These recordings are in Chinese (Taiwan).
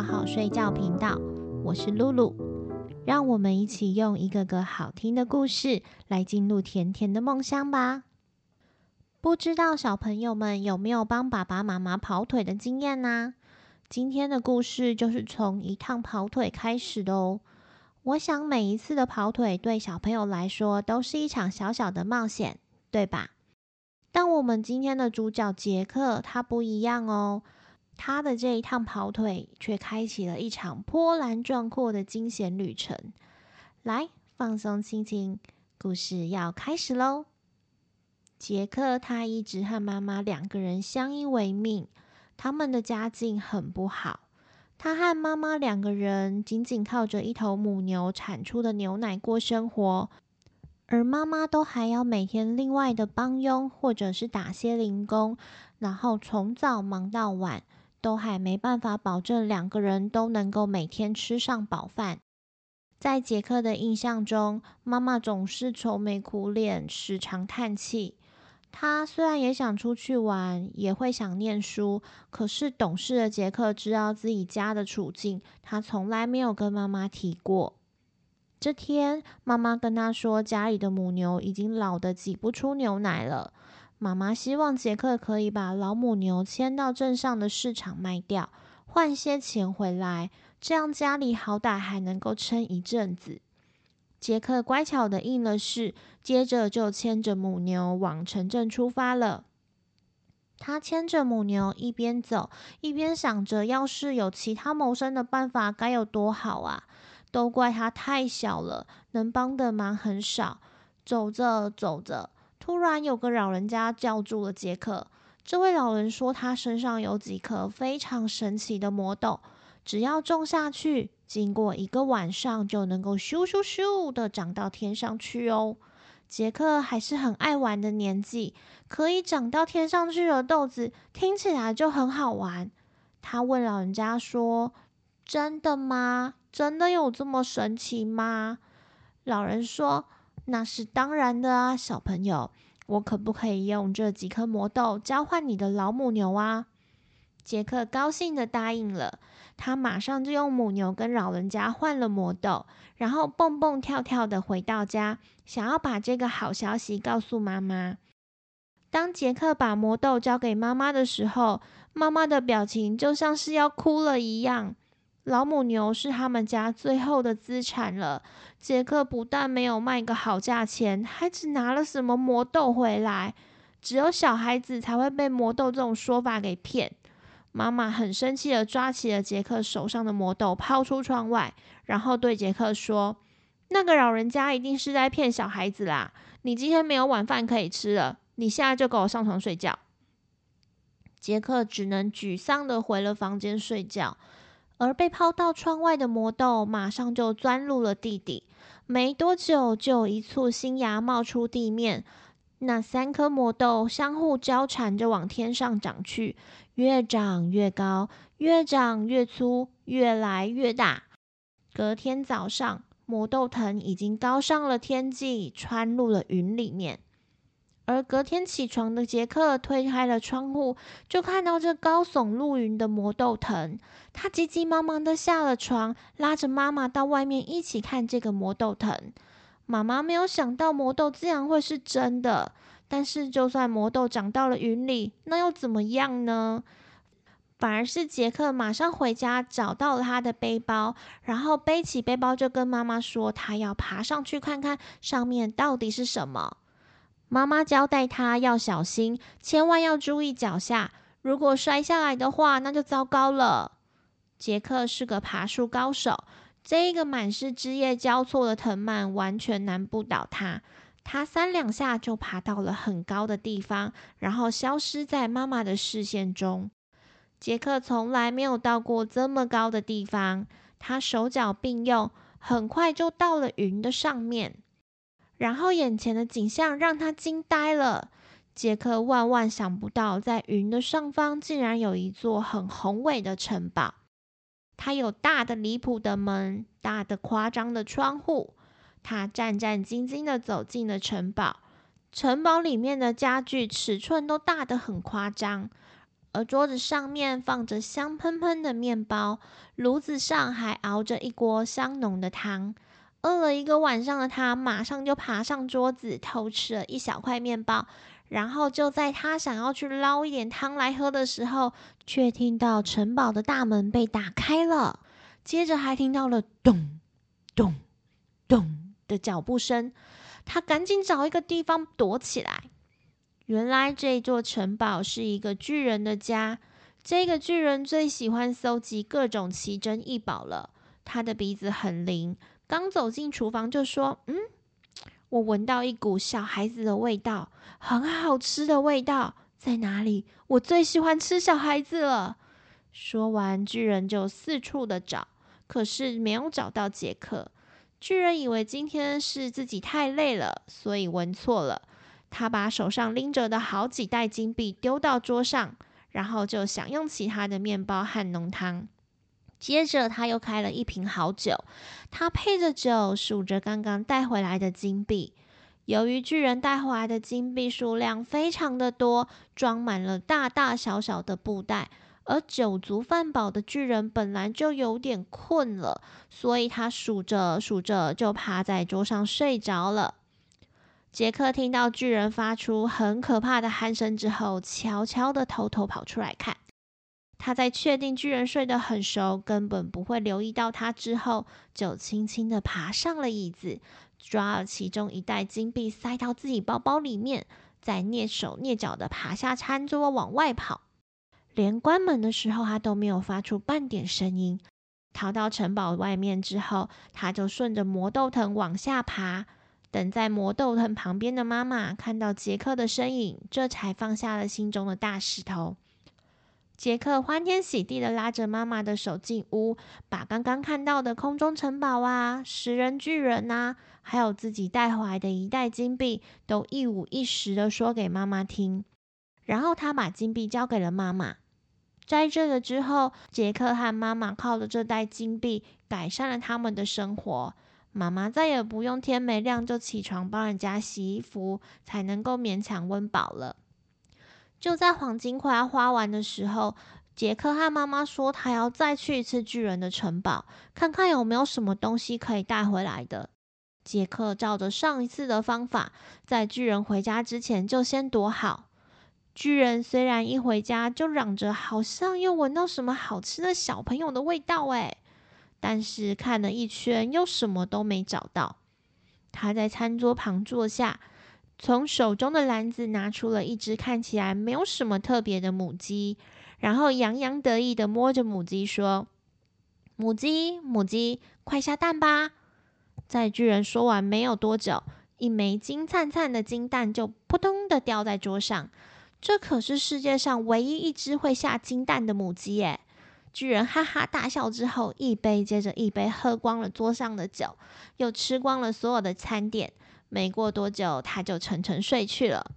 好好睡覺頻道，我是露露，讓我們一起用一個個好聽的故事來進入甜甜的夢鄉吧。不知道小朋友們有沒有幫爸爸媽媽跑腿的經驗呢？今天的故事就是從一趟跑腿開始的哦。我想每一次的跑腿對小朋友來說都是一場小小的冒險，對吧？但我們今天的主角傑克他不一樣哦。他的這一趟跑腿，卻開啟了一場波瀾壯闊的驚險旅程。來，放鬆心情，故事要開始嘍！傑克他一直和媽媽兩個人相依為命，他們的家境很不好。他和媽媽兩個人僅僅靠着一頭母牛產出的牛奶過生活，而媽媽都還要每天另外的幫傭或者是打些零工，然後從早忙到晚，都還沒辦法保證兩個人都能夠每天吃上飽飯。在傑克的印象中，媽媽總是愁眉苦臉，時常嘆氣。他雖然也想出去玩，也會想念書，可是懂事的傑克知道自己家的處境，他從來沒有跟媽媽提過。這天，媽媽跟他說，家裡的母牛已經老得擠不出牛奶了。媽媽希望傑克可以把老母牛牽到鎮上的市場賣掉，換些錢回來，這樣家裡好歹還能夠撐一陣子。傑克乖巧的應了事，接着就牽着母牛往城鎮出發了。他牽着母牛一邊走，一邊想着：要是有其他謀生的辦法，該有多好啊！都怪他太小了，能幫的忙很少。走着走着。突然，有個老人家叫住了傑克。這位老人說，他身上有幾顆非常神奇的魔豆，只要種下去，經過一個晚上就能夠咻咻咻地長到天上去哦。傑克還是很愛玩的年紀，可以長到天上去的豆子，聽起來就很好玩。他問老人家說：“真的嗎？真的有這麼神奇嗎？”老人說。那是當然的啊，小朋友，我可不可以用這幾顆魔豆交換你的老母牛啊？傑克高興的答應了，他馬上就用母牛跟老人家換了魔豆，然後蹦蹦跳跳的回到家，想要把這個好消息告訴媽媽。當傑克把魔豆交給媽媽的時候，媽媽的表情就像是要哭了一樣。老母牛是他們家最後的資產了。傑克不但沒有賣個好價錢，還只拿了什麼魔豆回來。只有小孩子才會被魔豆這種說法給騙。媽媽很生氣地抓起了傑克手上的魔豆，拋出窗外，然後對傑克說：“那個老人家一定是在騙小孩子啦！你今天沒有晚飯可以吃了，你現在就給我上床睡覺。”傑克只能沮喪地回了房間睡覺。而被拋到窗外的魔豆，馬上就鑽入了地底。沒多久，就有一簇新芽冒出地面。那三顆魔豆相互交纏着往天上長去，越長越高，越長越粗，越來越大。隔天早上，魔豆藤已經高上了天際，穿入了雲裡面。而隔天起床的傑克推開了窗戶，就看到這高聳入雲的魔豆藤。他急急忙忙的下了床，拉着媽媽到外面一起看這個魔豆藤。媽媽沒有想到魔豆竟然會是真的，但是就算魔豆長到了雲裡，那又怎麼樣呢？反而是傑克馬上回家找到了他的背包，然後背起背包就跟媽媽說，他要爬上去看看上面到底是什麼。媽媽交代他要小心，千萬要注意腳下。如果摔下來的話，那就糟糕了。傑克是個爬樹高手，這一個滿是枝葉交錯的藤蔓完全難不倒他。他三兩下就爬到了很高的地方，然後消失在媽媽的視線中。傑克從來沒有到過這麼高的地方，他手腳並用，很快就到了雲的上面。然後眼前的景象讓他驚呆了。傑克萬萬想不到，在雲的上方竟然有一座很宏偉的城堡。它有大的離譜的門，大的誇張的窗戶。他戰戰兢兢的走進了城堡。城堡裡面的家具尺寸都大得很誇張，而桌子上面放着香噴噴的麵包，爐子上還熬着一鍋香濃的湯。餓了一個晚上的他，馬上就爬上桌子偷吃了一小塊麵包。然後就在他想要去撈一點湯來喝的時候，卻聽到城堡的大門被打開了，接着還聽到了咚咚咚咚的腳步聲。他趕緊找一個地方躲起來。原來這座城堡是一個巨人的家，這個巨人最喜歡蒐集各種奇珍異寶了。他的鼻子很靈。剛走進廚房就說：“嗯，我聞到一股小孩子的味道，很好吃的味道在哪裡？我最喜歡吃小孩子了。”說完，巨人就四處的找，可是沒有找到傑克。巨人以為今天是自己太累了，所以聞錯了。他把手上拎着的好幾袋金幣丟到桌上，然後就享用其他的麵包和濃湯。接着，他又開了一瓶好酒，他配着酒數着剛剛帶回來的金幣。由於巨人帶回來的金幣數量非常的多，裝滿了大大小小的布袋，而酒足飯飽的巨人本來就有點困了，所以他數着數着就趴在桌上睡着了。傑克聽到巨人發出很可怕的鼾聲之後，悄悄的偷偷跑出來看。他在確定巨人睡得很熟，根本不會留意到他之後，就輕輕地爬上了椅子，抓了其中一袋金幣塞到自己包包裡面，再躡手躡腳地爬下餐桌往外跑，連關門的時候他都沒有發出半點聲音。逃到城堡外面之後，他就順着魔豆藤往下爬。等在魔豆藤旁邊的媽媽看到傑克的身影，這才放下了心中的大石頭。傑克歡天喜地的拉着媽媽的手進屋，把剛剛看到的空中城堡啊、食人巨人吶、啊，還有自己帶回來的一袋金幣，都一五一十的說給媽媽聽。然後他把金幣交給了媽媽。在這個之後，傑克和媽媽靠着這袋金幣改善了他們的生活，媽媽再也不用天沒亮就起床幫人家洗衣服，才能夠勉強溫飽了。就在黃金快要花完的時候，傑克和媽媽說他要再去一次巨人的城堡，看看有沒有什麼東西可以帶回來的。傑克照着上一次的方法，在巨人回家之前就先躲好。巨人雖然一回家就嚷着好像又聞到什麼好吃的小朋友的味道欸，但是看了一圈又什麼都沒找到。他在餐桌旁坐下。從手中的籃子拿出了一隻看起來沒有什麼特別的母雞，然後洋洋得意的摸着母雞說：“母雞，母雞，快下蛋吧！”在巨人說完沒有多久，一枚金燦燦的金蛋就撲通的掉在桌上。這可是世界上唯一一隻會下金蛋的母雞耶！巨人哈哈大笑之後，一杯接着一杯喝光了桌上的酒，又吃光了所有的餐點。沒過多久，他就沉沉睡去了。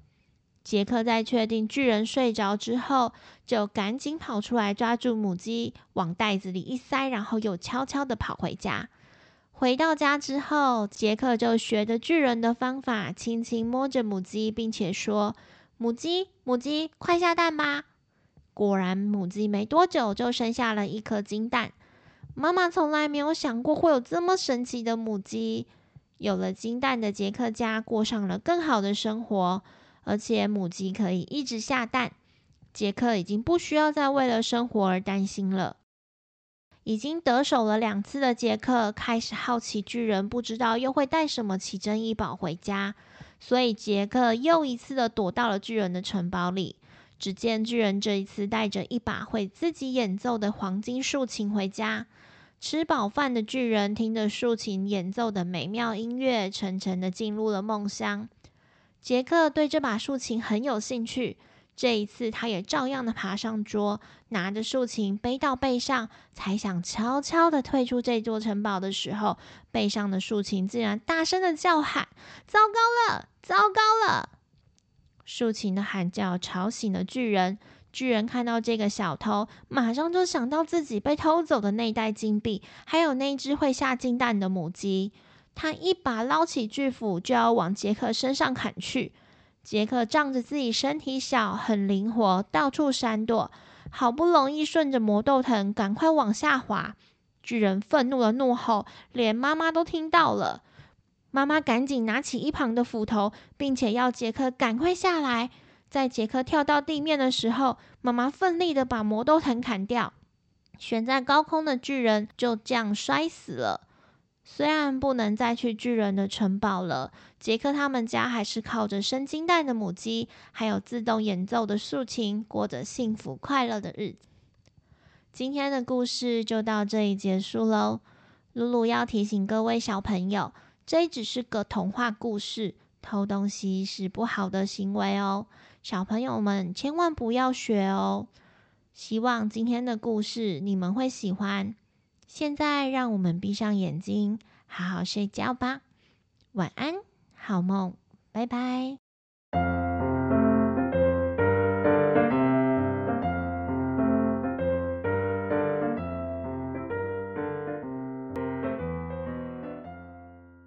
傑克在確定巨人睡着之後，就趕緊跑出來抓住母雞，往袋子裡一塞，然後又悄悄的跑回家。回到家之後，傑克就學着巨人的方法，輕輕摸着母雞，並且說：“母雞，母雞，快下蛋吧！”果然，母雞沒多久就生下了一顆金蛋。媽媽從來沒有想過會有這麼神奇的母雞。有了金蛋的傑克家過上了更好的生活，而且母雞可以一直下蛋。傑克已經不需要再為了生活而擔心了。已經得手了兩次的傑克開始好奇巨人不知道又會帶什麼奇珍異寶回家，所以傑克又一次的躲到了巨人的城堡裡。只見巨人這一次帶着一把會自己演奏的黃金豎琴回家。吃飽飯的巨人聽着豎琴演奏的美妙音樂，沉沉的進入了夢鄉。傑克對這把豎琴很有興趣，這一次他也照樣的爬上桌，拿着豎琴背到背上，才想悄悄的退出這座城堡的時候，背上的豎琴竟然大聲的叫喊：“糟糕了，糟糕了！”豎琴的喊叫吵醒了巨人。巨人看到這個小偷，馬上就想到自己被偷走的那袋金幣，還有那隻會下金蛋的母雞。他一把撈起巨斧，就要往傑克身上砍去。傑克仗着自己身體小，很靈活，到處閃躲，好不容易順着魔豆藤，趕快往下滑。巨人憤怒的怒吼，連媽媽都聽到了。媽媽趕緊拿起一旁的斧頭，並且要傑克趕快下來。在傑克跳到地面的時候，媽媽奮力的把魔豆藤砍掉，懸在高空的巨人就這樣摔死了。雖然不能再去巨人的城堡了，傑克他們家還是靠着生金蛋的母雞，還有自動演奏的豎琴，過着幸福快樂的日子。今天的故事就到這裡結束嘍。露露要提醒各位小朋友，這只是個童話故事，偷東西是不好的行為哦。小朋友們，千萬不要學哦！希望今天的故事你們會喜歡。現在，讓我們閉上眼睛，好好睡覺吧。晚安，好夢，拜拜。